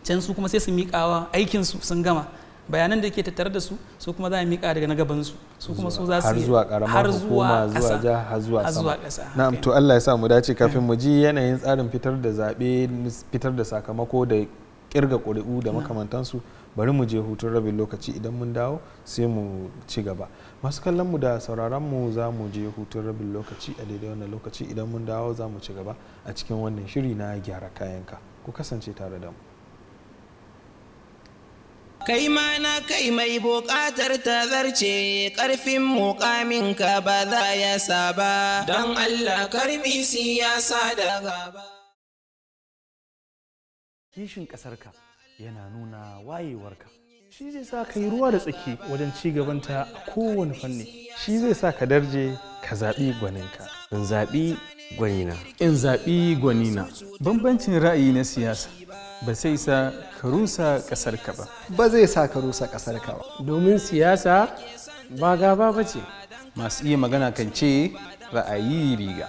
Speaker 3: can su kuma sai su miƙawa aikin su sun gama bayanan da ke tattare da su su kuma za a miƙa daga na gaban su su kuma su za su har zuwa karamar zuwa har zuwa sama
Speaker 2: na'am to Allah ya sa mu dace kafin mm. mu ji yanayin tsarin fitar da zabe fitar da sakamako da kirga ƙuri'u da mm. makamantansu bari mu je hutun rabin lokaci idan mun dawo sai mu ci gaba masu kallon mu da sauraron mu za mu je hutun rabin lokaci a daidai wannan lokaci idan mun dawo za mu ci gaba a cikin wannan shiri na gyara kayanka ku kasance tare da mu
Speaker 1: kai ma na kai mai buƙatar ta zarce ƙarfin muƙaminka ba za ya ba, don Allah karmi siyasa da gaba. Kishin ƙasarka
Speaker 4: yana nuna wayewarka.
Speaker 2: Shi zai sa ka yi ruwa da tsaki wajen ci gabanta a kowane fanni. Shi zai sa ka darje ka zaɓi gwaninka. In zaɓi gwanina. In zaɓi gwanina. Bambancin ra'ayi na siyasa ba sai sa ka rusa kasar ka ba ba zai sa ka rusa kasar ka ba domin siyasa ba gaba ba ce masu iya magana kan ce ra'ayi riga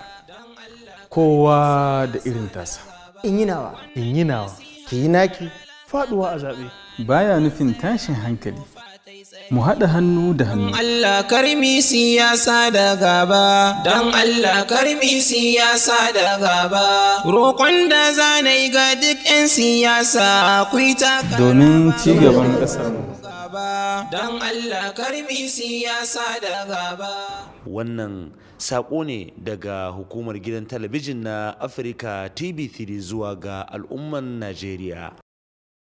Speaker 2: kowa da irin tasa in yi nawa in yi nawa ki yi naki faduwa a zaɓe baya nufin
Speaker 3: tashin hankali mu haɗa hannu da hannu.
Speaker 1: Allah karmi siyasa da gaba, don Allah karmi siyasa da gaba, roƙon da zanai ga duk 'yan siyasa akwai taka. Domin ci gaban mu. Don Allah karmi siyasa da gaba.
Speaker 4: Wannan saƙo ne daga hukumar gidan talabijin na Afirka TV3 zuwa ga al'umman Najeriya.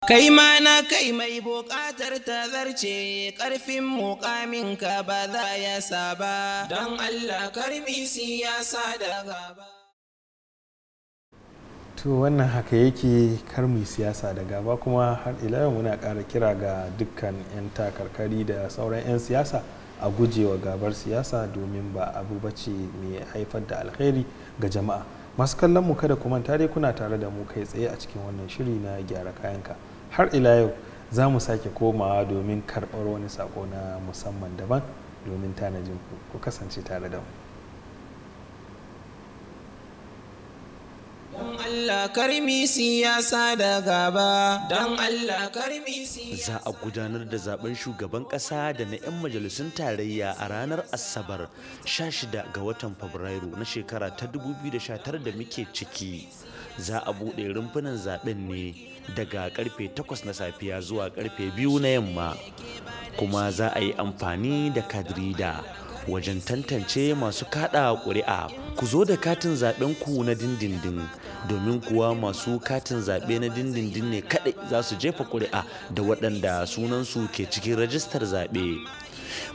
Speaker 4: Kai ma na
Speaker 1: kai mai buƙatar ta zarce ƙarfin muƙaminka ba za ya saba don Allah karmi siyasa da gaba.
Speaker 2: To wannan haka yake karmi siyasa da gaba kuma har ila yau muna ƙara kira ga dukkan 'yan takarkari da sauran 'yan siyasa a gujewa gabar siyasa domin ba abu bace mai haifar da alkhairi ga jama'a. Masu kallon mu kada kuma tare dai kuna tare da mu kai tsaye a cikin wannan shiri na gyara kayanka. har ila yau za mu sake komawa domin karɓar wani sako na musamman daban domin tanajin ku kasance tare da mu
Speaker 4: Za
Speaker 3: a gudanar da zaben shugaban kasa da na 'yan majalisun tarayya a ranar Asabar
Speaker 1: 16 ga watan Fabrairu na shekara ta 2019 da muke ciki. Za a buɗe rumfunan zaben ne daga karfe 8 na safiya zuwa karfe
Speaker 3: 2 na yamma kuma za a yi amfani da kadrida wajen tantance masu kada ƙuri'a ku zo da katin zaben ku na dindindin domin
Speaker 4: kuwa masu katin zaɓe na dindindin ne kaɗai za su jefa ƙuri'a da waɗanda sunansu ke cikin rajistar zaɓe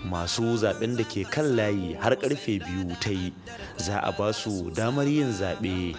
Speaker 4: masu zaɓen da ke kan layi har ƙarfe biyu ta yi za a ba su damar yin zaɓe.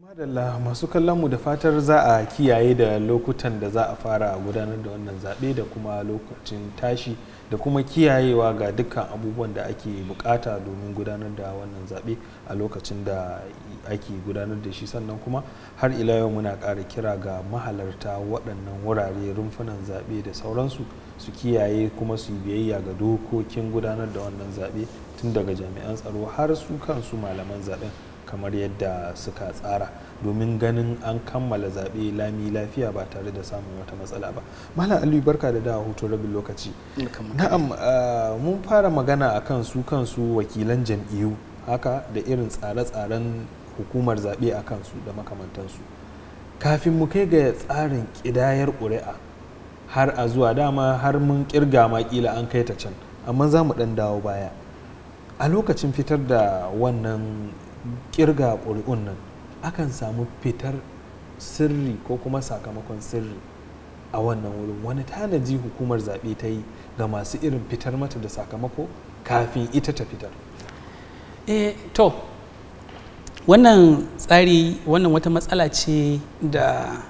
Speaker 2: madalla masu mu da fatar za a kiyaye da lokutan da za a fara gudanar da wannan zaɓe da kuma lokacin tashi da kuma kiyayewa ga dukkan abubuwan da ake bukata domin gudanar da wannan zaɓe a lokacin da ake gudanar da shi sannan kuma har ila yau muna ƙara kira ga mahalarta waɗannan wurare rumfunan zaɓe da sauransu su kiyaye kuma su biyayya ga dokokin gudanar da wannan zaɓe tun daga jami'an tsaro har su kansu malaman zaɓen kamar yadda suka tsara domin ganin an kammala zaɓe lami lafiya ba tare da samun wata matsala ba malam aliyu barka da da hutu rabin lokaci na'am ah, mun fara magana akan su kansu wakilan jam'iyyu haka da irin tsare-tsaren hukumar zaɓe a kansu da makamantansu kafin mu kai ga tsarin ƙidayar ƙuri'a har a zuwa dama har mun kirga ma kila an kai ta can amma za mu dan dawo baya a lokacin fitar da wannan kirga ƙuri'un nan akan samu fitar sirri ko kuma sakamakon sirri a wannan wurin wani tanaji hukumar zaɓe ta yi ga masu irin fitar mata da sakamako kafin ita ta fitar
Speaker 3: eh to wannan tsari wannan wata matsala ce da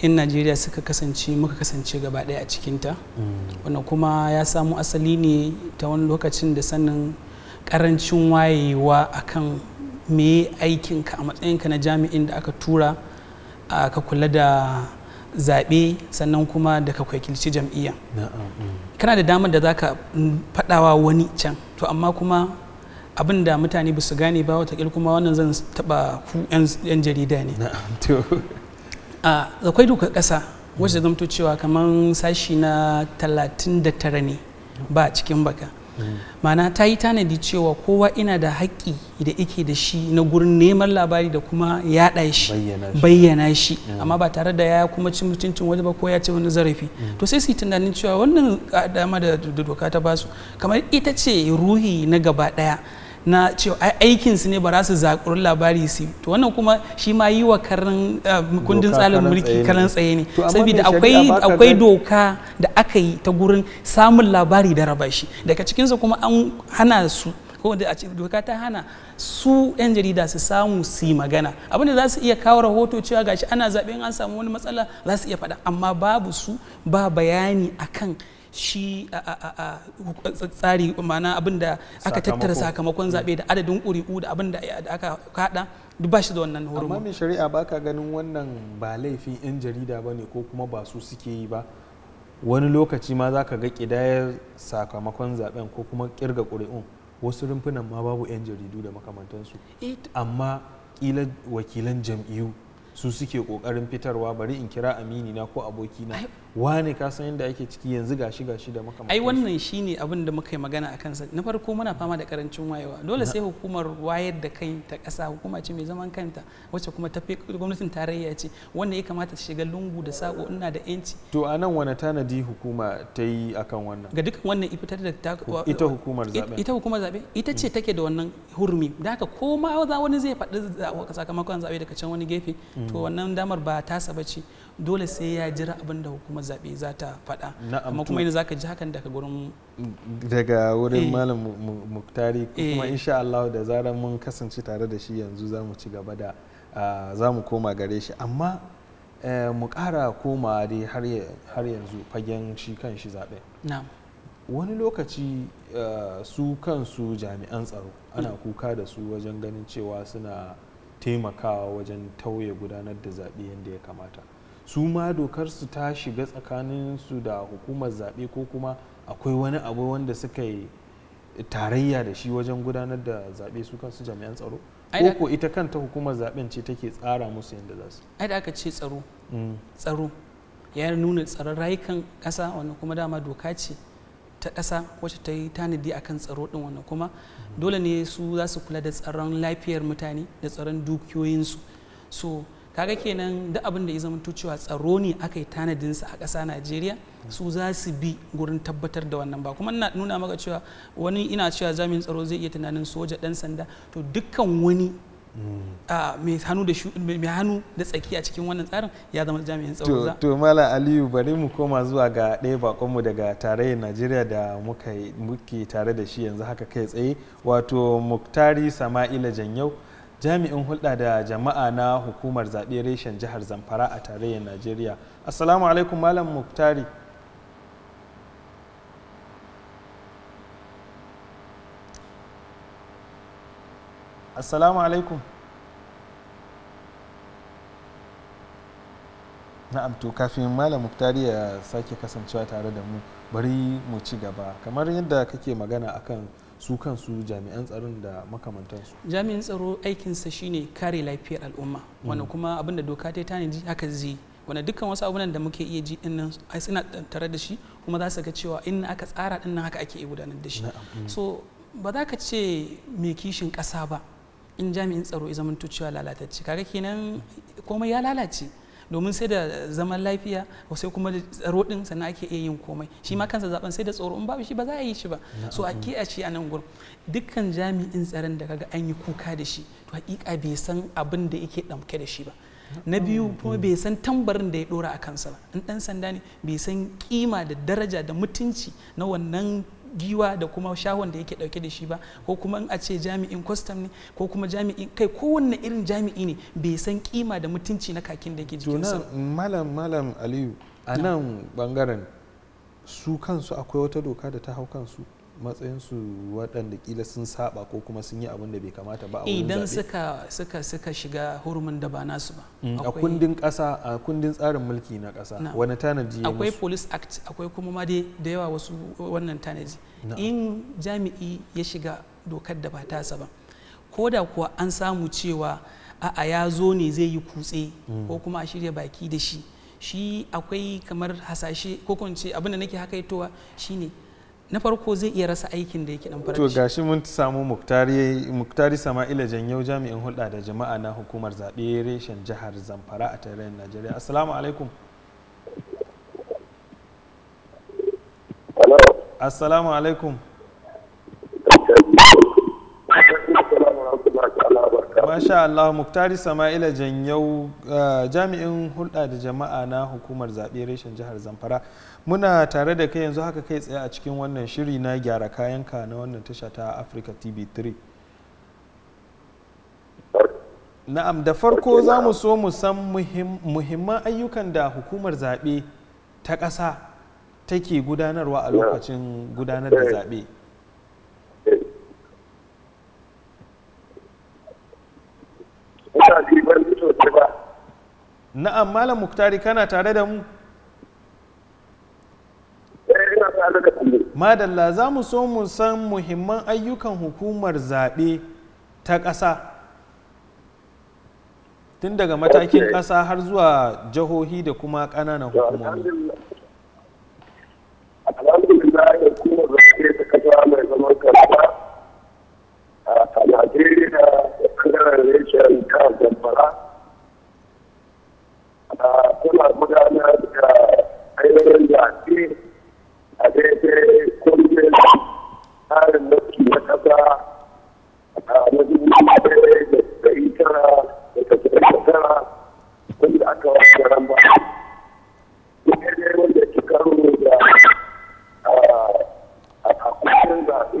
Speaker 3: 'yan najeriya suka kasance muka kasance gaba ɗaya a cikinta mm. wannan kuma ya samu asali ne ta wani lokacin da sanin karancin wayewa akan me aikinka a matsayinka na jami'in da aka tura ka kula da zaɓe sannan kuma da ka kwakilci jam'iyya
Speaker 2: mm.
Speaker 3: kana da damar da za ka faɗawa wani can to amma kuma abin da mutane ba su gane ba watakil kuma wannan zan taɓa ku 'yan jarida ne a akwai duka ƙasa wacce zamto cewa kamar sashi na talatin 39 ne ba cikin baka mana ta yi tanadi cewa kowa ina da haƙƙi da ike da shi na gurin neman labari da kuma yaɗa shi bayyana shi mm. amma ba tare da ya kuma cin mutuncin waje ba ko ya ce wani zarafi mm. to sai su yi tunanin cewa wannan dama da doka ta basu kamar ita ce ruhi na gaba ɗaya na cewa aikinsu ne ba za su zaƙuri labari su to wannan kuma shi ma yi wa karin eh, kundin tsarin mulki karan tsaye ne saboda akwai doka da aka yi ta gurin samun labari da raba shi daga cikinsu kuma an hana su ko da doka ta hana su 'yan jarida su samu su yi magana abinda za su iya kawo rahoto cewa gashi ana zaɓen an samu wani matsala za su iya faɗa amma babu su ba bayani akan shi tsari mana abin da aka tattara sakamakon zaɓe da adadin ƙuri'u da abin da aka kaɗa duk ba shi da wannan horo amma mai
Speaker 2: shari'a ba ka ganin wannan ba laifin 'yan jarida ba ne ko kuma ba su suke yi ba wani lokaci ma za ka ga ƙidayar sakamakon zaɓen ko kuma ƙirga ƙuri'un wasu rumfunan ma babu 'yan jaridu da makamantansu eh, amma ƙila wakilan jam'iyyu su suke kokarin fitarwa bari in kira amini na ko abokina wane ka san yadda ake ciki yanzu gashi gashi da makamantan ai
Speaker 3: wannan shine abin da muka yi magana a kansa na farko muna fama da karancin wayewa dole sai hukumar wayar da kai ta kasa hukuma ce mai zaman kanta wacce kuma ta gwamnatin tarayya ce wanda ya kamata ta shiga lungu da sako ina da yanci
Speaker 2: to a nan wani tanadi hukuma ta yi akan wannan
Speaker 3: ga dukkan wannan ifitar da ta ita hukumar zabe ita hukumar zabe ita ce mm. take da wannan hurumi da haka ko ma wani zai faɗi sakamakon zabe daga can wani gefe to mm. wannan damar ba tasa ba ce dole sai ya jira abin da hukumar zaɓe za ta faɗa amma kuma yadda za ka ji hakan daga gurin
Speaker 2: daga wurin eh. malam muktari kuma eh. insha Allah da zarar mun kasance tare da shi yanzu za mu ci gaba da za mu koma gare shi amma eh, mu ƙara koma dai har yanzu fagen shi kan shi zaɓe wani lokaci su kansu jami'an tsaro ana kuka da su wajen ganin cewa suna taimakawa wajen tauye gudanar da zaɓe yadda ya kamata su ma dokar su ta shiga tsakanin su da hukumar zaɓe ko kuma akwai wani abu wanda suka yi tarayya da shi wajen gudanar da zaɓe su kansu jami'an tsaro ko ita kanta hukumar zaɓen ce take tsara musu yadda
Speaker 3: za su ai da aka ce tsaro mm. tsaro ya nuna tsaron rayukan ƙasa wanda kuma dama doka ce ta ƙasa wacce ta yi tanadi akan tsaro ɗin wannan kuma dole ne su za su kula da tsaron lafiyar mutane da tsaron dukiyoyinsu so kaga kenan da abin da ya zama cewa tsaro ne aka yi tanadinsa a ƙasa najeriya su za su bi gurin tabbatar da wannan ba kuma nuna maka cewa wani ina cewa jami'in tsaro zai iya tunanin soja dan sanda to dukkan wani Ah, mai hannu da tsaki a cikin wannan tsarin ya zama jami'in tsaro
Speaker 2: to mala aliyu bari mu koma zuwa ga ɗaya bakonmu daga tarayyar najeriya da muke tare da shi yanzu haka kai tsaye wato muktari sama'ila janyau jami'in hulɗa da jama'a na hukumar zaɓe reshen jihar zamfara a tarayyar najeriya assalamu alaikum malam muktari assalamu alaikum na'am to kafin malam muktari ya sake kasancewa tare da mu bari mu ci gaba kamar yadda kake magana akan su kansu jami'an tsaron da makamantansu
Speaker 3: jami'an tsaro aikinsa shine kare lafiyar al'umma wanda mm. kuma abin doka ta ji haka zai wanda dukkan wasu abunan da muke iya ji dinnan ai suna tare da shi kuma za su ga cewa in aka tsara dinnan haka ake gudanar da shi mm. so ba za ka ce mai kishin ƙasa ba in jami'in tsaro ya zama cewa lalatacce kaga kenan komai ya lalace domin sai da zaman lafiya sai kuma da tsaro din sannan ake iya yin komai shi ma kansa zaben sai da tsoro in babu shi ba za a yi shi ba so a ke a ce a nan gurin dukkan jami'in tsaron da kaga an yi kuka da shi to hakika bai san abin da yake ɗauke da shi ba na biyu kuma bai san tambarin da ya dora a kansa ba in dan sanda ne bai san kima da daraja da mutunci na wannan giwa da kuma shahon da yake dauke da shi ba ko kuma in a ce jami'in kwastam ne ko kuma jami'in kai kowanne irin jami'i ne bai san kima da mutunci na kakin da yake jikinsa
Speaker 2: malam malam aliyu a nan bangaren su kansu akwai wata doka da ta hau kansu matsayinsu waɗanda kila sun saba ko kuma sun yi abin da bai kamata ba a wurin idan
Speaker 3: suka suka shiga hurumin da ba nasu ba mm, a kundin
Speaker 2: ƙasa a kundin tsarin mulki na ƙasa wani tanaji ya akwai
Speaker 3: police act akwai kuma ma da yawa wasu wannan tanaji in jami'i ya shiga dokar da ba tasa ba ko da kuwa an samu cewa a'a ya zo ne zai yi kutse mm. ko kuma a shirya baki da shi shi akwai kamar hasashe ko abin da nake haka itowa shine na farko zai iya rasa aikin da yake dan farashi to
Speaker 2: gashi mun samu muktari muktari sama'ila janyau jami'in hulɗa da jama'a na hukumar zaɓe reshen jihar zamfara a tarayyar najeriya assalamu alaikum assalamu alaikum masha Allah Muktari Sama'ila Janyau eh, jami'in hulɗa da jama'a na hukumar zaɓe reshen jihar Zamfara muna tare da kai yanzu haka kai tsaye a cikin wannan shiri na gyara kayanka na wannan tasha ta Africa TV 3 Na'am da farko za mu so mu san muhimman ayyukan da hukumar zaɓe ta ƙasa take gudanarwa a lokacin gudanar da zaɓe. na'am malam muktari kana tare da mu madalla za mu so mu san muhimman ayyukan hukumar zaɓe ta ƙasa tun daga matakin ƙasa har zuwa jihohi da kuma ƙananan hukumomi
Speaker 4: alhamdulillah mai zaman bangaren reshen ta a suna gudanar da ainihin zaɓe a daidai kundin tsarin mulki na ƙasa a dubu ɗaya da ɗari tara da tasirin da tara wanda aka wanda ke karo da a zaɓe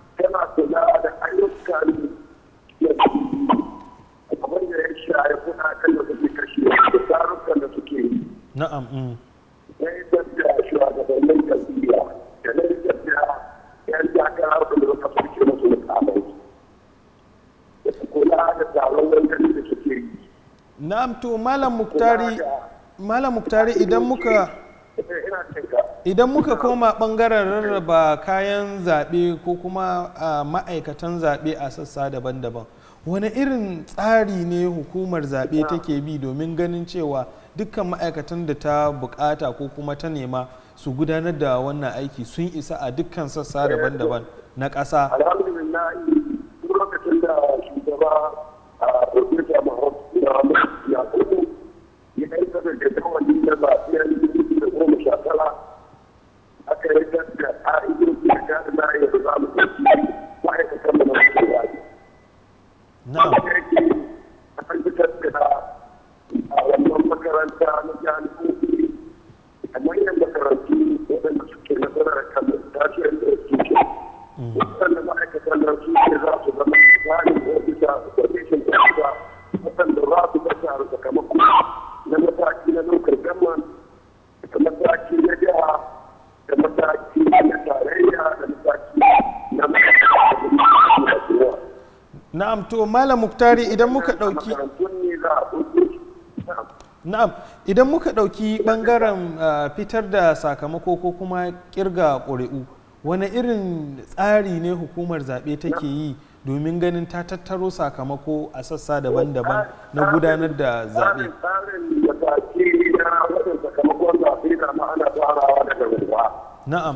Speaker 2: نعم نعم تو مالا مكتاري مالا مكتاري اذا مكا idan muka koma bangaren rarraba kayan zaɓe ko kuma ma'aikatan zaɓe a sassa daban-daban wani irin tsari ne hukumar zaɓe take bi domin ganin cewa dukkan ma'aikatan da ta bukata ko kuma ta nema su gudanar da wannan aiki sun isa a dukkan sassa daban-daban na ƙasa
Speaker 4: lokacin ya tabbatar da ƙa'idodin da ta da yanzu za ma'aikatan mu na wasu wani. Na'am. A a wannan makaranta a manyan makarantu waɗanda suke nasarar kamar tashiyar da ma'aikatan nan su za su zama wani ofisa coordination officer waɗanda za su ga sakamakon na mataki na lokacin kama.
Speaker 2: na'am to malam muktari idan muka dauki na'am idan muka dauki bangaren fitar da sakamako ko kuma kirga ƙuri'u wani irin tsari ne hukumar zaɓe take yi domin ganin ta tattaro sakamako a sassa daban-daban na gudanar da zaɓe na'am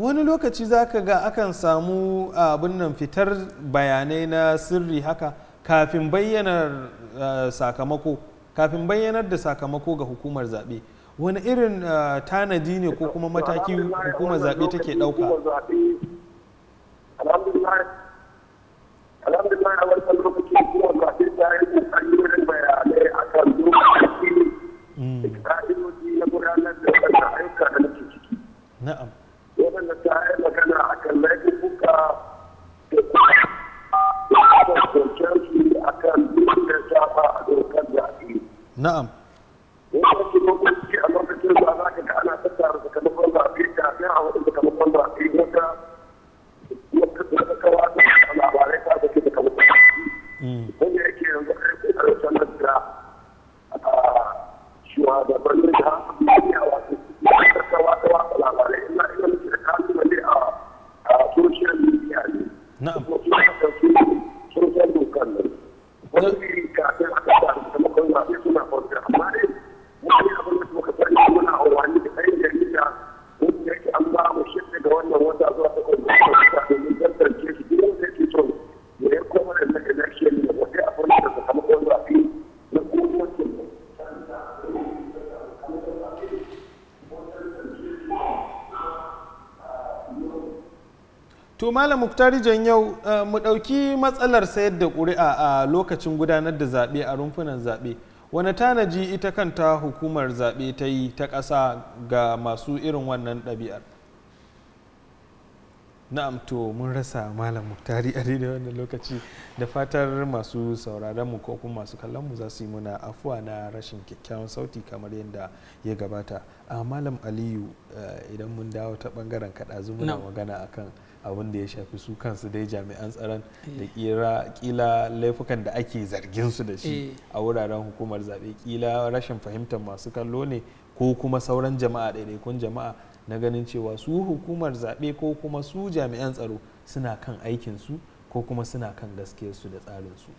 Speaker 2: wani lokaci za ka ga akan samu ah, abin nan fitar bayanai na sirri haka kafin bayyanar ah, sakamako kafin bayyanar da sakamako ga hukumar zaɓe wani irin ah, tanadi ne ko kuma mataki hukumar zaɓe take ɗauka
Speaker 4: lokaci a hmm. na gudanar da da ciki na'am
Speaker 2: نعم malam muktari yau eh, mu ɗauki matsalar sayar da ƙuri'a a lokacin gudanar da zaɓe a rumfunan zaɓe wani tanaji ita kanta hukumar zaɓe ta yi ta ƙasa ga masu irin wannan ɗabi'ar na'am to mun rasa malam muktari a daidai wannan lokaci da fatar masu sauraron mu ko kuma masu kallon mu za su yi muna afuwa na rashin kyakkyawan sauti kamar yadda ya gabata a ah, malam aliyu eh, idan mun dawo ta bangaren kaɗazu muna magana akan abin da ya shafi su kansu dai jami'an tsaron eh. da kila laifukan da ake zargin su da shi eh. a wuraren hukumar zaɓe kila rashin fahimtar masu kallo ne ko kuma sauran jama'a ɗaiɗaikun jama'a na ganin cewa su hukumar zaɓe ko kuma su jami'an tsaro suna kan aikinsu ko kuma suna kan gaskiyarsu da tsarinsu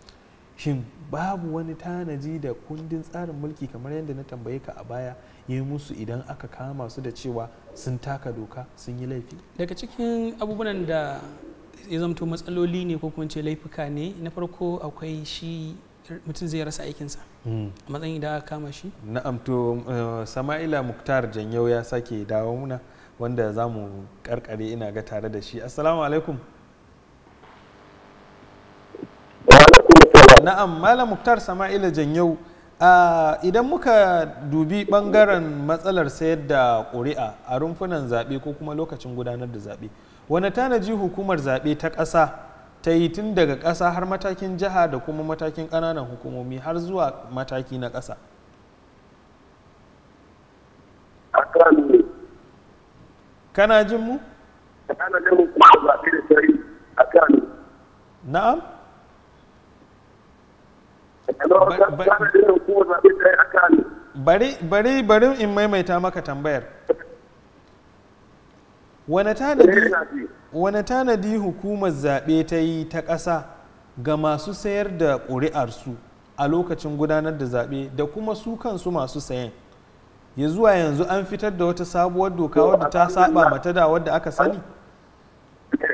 Speaker 2: shin babu wani tanaji da kundin tsarin mulki kamar yadda na tambaye ka a baya yi musu idan aka kama su da cewa sun taka doka sun yi laifi
Speaker 3: daga cikin abubuwan da ya zamto matsaloli ne ko kuma ce laifuka ne na farko akwai shi mutum zai rasa aikinsa hmm. a matsayin da aka kama shi
Speaker 2: na'am to eh, sama'ila muktar janyau ya sake dawo muna wanda za mu karkare ina ga tare da shi assalamu alaikum na'am malam muktar sama'ila janyau idan muka dubi bangaren matsalar sayar da ƙuri'a a rumfunan zaɓe ko kuma lokacin gudanar da zaɓe wani tanaji hukumar zaɓe ta ƙasa ta yi tun daga ƙasa har matakin jiha da kuma matakin ƙananan hukumomi har zuwa mataki na ƙasa kana jin mu? da a na'am bari bari in maimaita maka tambayar eh, wane tanadi hukumar zaɓe ta yi ta ƙasa ga masu sayar da ƙuri'arsu a lokacin gudanar da zaɓe da kuma su kansu masu sayan ya zuwa yanzu an fitar da wata sabuwar doka wadda ta saba mata da wadda aka sani? Eh.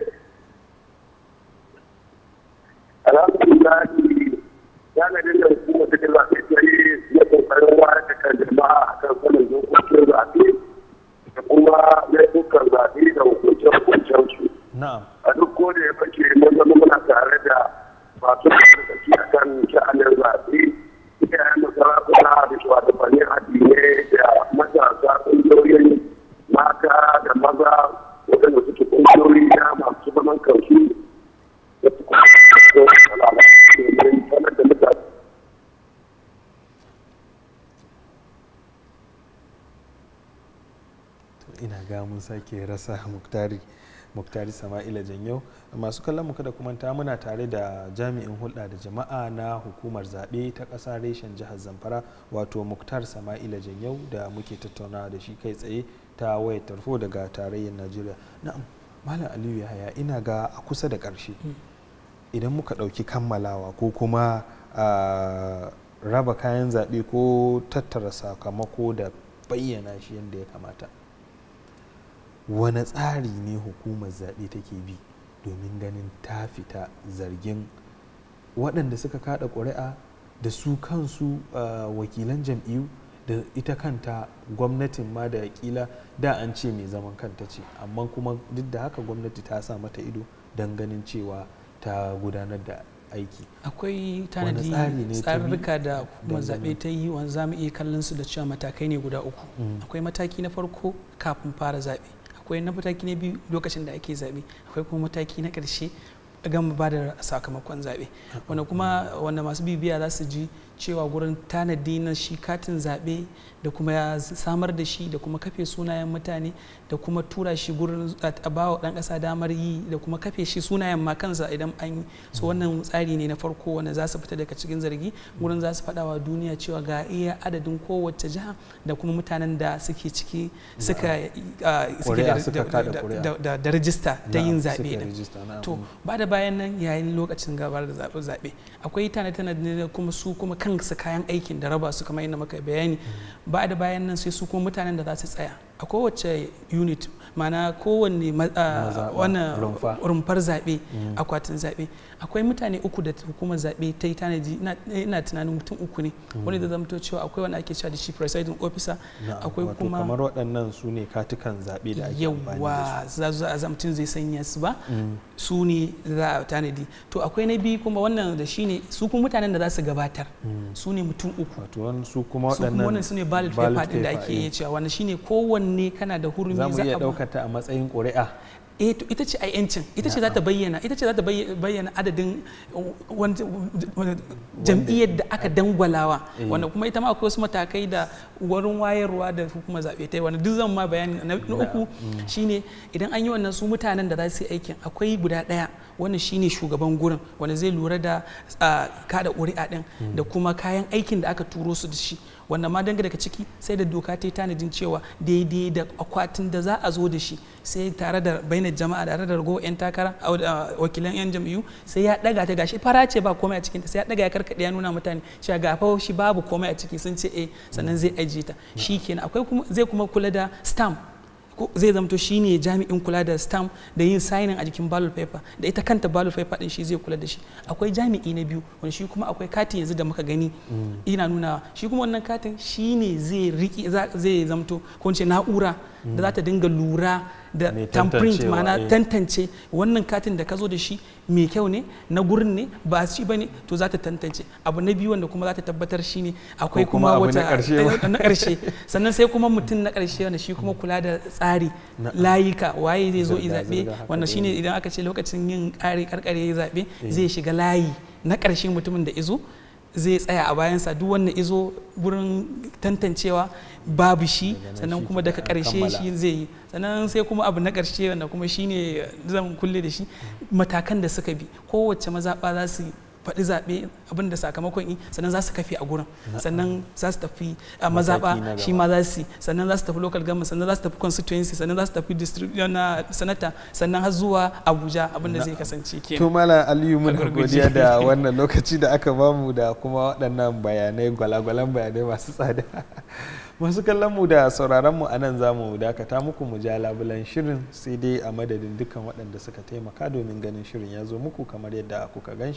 Speaker 4: alhamdulillah
Speaker 2: muke rasa muktari muktari sama'ila janyau masu kallon mu kada kumanta muna tare da jami'in hulɗa da jama'a na hukumar zaɓe ta ƙasa reshen jihar zamfara wato muktar sama'ila janyau da muke tattaunawa da shi kai tsaye ta wayar tarfo daga tarayyar najeriya na'am malam aliyu yahaya ina ga a kusa da ƙarshe hmm. idan muka ɗauki kammalawa ko kuma raba kayan zaɓe ko tattara sakamako da bayyana shi yadda ya kamata wani tsari ne hukumar zaɓe take bi domin ganin ta fita zargin waɗanda suka kaɗa ƙuri'a da su kansu wakilan jam'iyyu da ita kanta gwamnatin ma da kila da an ce mai zaman kanta ce amma kuma duk da haka gwamnati ta sa mata ido don ganin cewa ta gudanar da aiki
Speaker 3: akwai tanadi tsarurruka da kuma zaɓe ta yi wanda za iya kallon su da cewa matakai ne guda uku mm. akwai mataki na farko kafin fara zaɓe akwai na mataki na biyu lokacin da ake zaɓe akwai kuma mataki na ƙarshe gama ba da sakamakon zaɓe wanda kuma wanda masu bibiya za su ji cewa gurin tanadi na shi katin zaɓe da kuma samar da shi da kuma kafe sunayen mutane da kuma tura shi gurin a bawa ɗan ƙasa damar yi da kuma kafe shi sunayen ma kansa idan an yi so wannan tsari ne na farko wanda za su fita daga cikin zargi gurin za su faɗa duniya cewa ga iya adadin kowace jiha da kuma mutanen da suke ciki suka da rajista ta yin zaɓe to ba da bayan nan yayin lokacin gabar da zaɓe akwai tana tana kuma su kuma kansa kayan aikin da raba su kamar yadda muka bayani ba da bayan nan sai su kuma mutanen da za su tsaya a kowace unit mana kowanne rumfar zaɓe mm. akwatin zaɓe akwai mutane uku da hukumar zaɓe ta yi tanadi ina tunanin mutum uku ne hmm. wani da zamto cewa akwai wani ake cewa da shi presiding officer akwai kuma kamar
Speaker 2: waɗannan su ne katukan zaɓe da ake
Speaker 3: yawa za su za mutum zai sanya su ba hmm. su ne za a tanadi to akwai na biyu kuma wannan da shi ne su kuma mutanen da za su gabatar hmm. su ne mutum uku wato su kuma waɗannan su ne ballot paper da ake eh. cewa wannan shine kowanne kana da hurumi za a ɗaukata a matsayin ƙuri'a eh to ita ce a yancin ita ce za ta bayyana ita ce za ta bayyana adadin uh, jam'iyyar da aka dangwalawa mm. wanda kuma ita ma akwai wasu matakai da wurin wayarwa da kuma zaɓe ta yi wanda duk zan ma bayani na uku mm. shine idan an yi wannan su mutanen da za su yi aikin akwai guda ɗaya wannan shine shugaban gurin wanda zai lura da uh, kada ƙuri'a ɗin mm. da kuma kayan aikin da aka turo su da shi wannan ma dangane daga ciki sai da doka ta yi tanadin cewa daidai da akwatin da za a zo da shi sai tare da bainar jama'a tare da go 'yan takara wakilan 'yan jam'iyyu sai ya daga ta gashi fara ce ba komai a cikin ta sai ya daga ya karkade ya nuna mutane cewa ga fa shi babu komai a ciki sun ce eh sannan zai ajiye ta shikenan akwai kuma zai kuma kula da stamp zai shi ne jami'in kula da stamp da yin sainin a jikin ballot paper da ita kanta ballot paper din shi zai kula da shi akwai jami'i na biyu wani shi kuma akwai katin yanzu da muka gani mm. ina nuna shi kuma wannan katin shi ne zai riƙe zai zamto ko na'ura da za ta dinga lura da tamprint mana eh. tantance wannan katin da ka zo da shi mai kyau ne na gurin ne ba su ba ne to za ta tantance abu na biyu wanda kuma za ta tabbatar shi ne akwai kuma eh, wata na karshe sannan sai kuma mutum na karshe wanda shi kuma kula da tsari layika waye zai zo i zaɓe shi shine eh. idan aka ce lokacin yin ƙari karkare zaɓe zai shiga layi na ƙarshe mutumin da izo zai tsaya a bayansa duk wanda izo wurin tantancewa babu shi sannan kuma daga karshe shi zai yi sannan sai kuma abu na karshe wanda kuma shine zan kulle da shi matakan da suka bi kowace mazaɓa za su faɗi zaɓe abin da sakamakon yi sannan za su kafe a gurin sannan za su tafi a mazaɓa shi ma za su sannan za su tafi local government sannan za su tafi constituency sannan za su tafi district eh, na sanata sannan har zuwa abuja abin da zai kasance
Speaker 4: ke to mala aliyu mun godiya da wannan
Speaker 2: lokaci da aka bamu da kuma waɗannan bayanai gwalagwalan bayanai masu tsada masu kallon mu da sauraron mu anan za mu dakata muku mu ja labulan shirin sai dai a madadin dukkan waɗanda suka taimaka domin ganin shirin ya zo muku kamar yadda kuka gan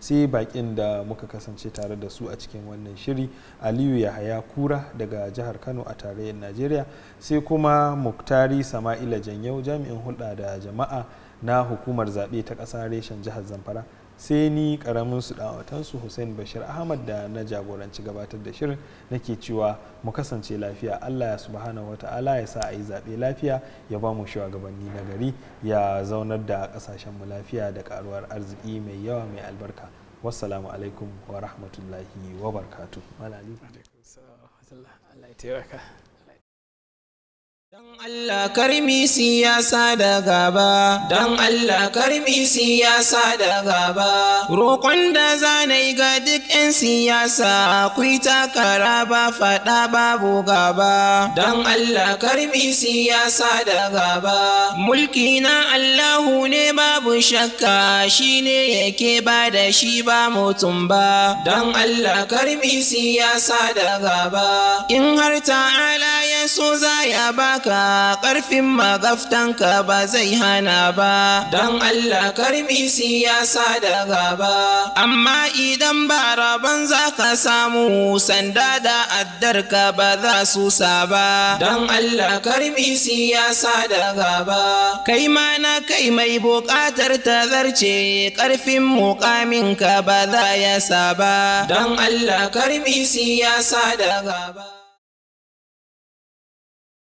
Speaker 2: sai bakin da muka kasance tare da su a cikin wannan shiri aliyu yahaya kura daga jihar kano a tarayyar najeriya sai kuma muktari sama'ila janyau jami'in hulɗa da jama'a na hukumar zaɓe ta ƙasa reshen jihar zamfara sai ni karamin su su hussein bashir ahmad da na jagoranci gabatar da shirin nake cewa mu kasance lafiya allah ya subhanahu wa ta'ala ya sa a yi zaɓe lafiya ya ba mu shugabanni na gari ya zaunar da mu lafiya da karuwar arziki mai yawa mai albarka wassalamu alaikum wa rahmatullahi wa barkatu
Speaker 1: Dan Allah karmi siyasa da gaba, Dan Allah karmi siyasa da gaba. Roƙon da zanai ga duk 'yan siyasa, akwai takara ba faɗa babu gaba. Dan Allah karmi siyasa da gaba. Mulki na Allahu ne babu shakka, shi ne yake ba da shi ba mutum ba. Dan Allah karmi siyasa da gaba. In har ta'ala ya so za ya ba baka ƙarfin magaftanka ba zai hana ba don Allah karbi siyasa da gaba amma idan ba rabon za ka samu sanda da addarka ba za su sa ba don Allah karmi siya siyasa da gaba kai ma na kai mai buƙatar ta zarce ƙarfin muƙaminka ba za ya sa ba don Allah karbi siyasa da gaba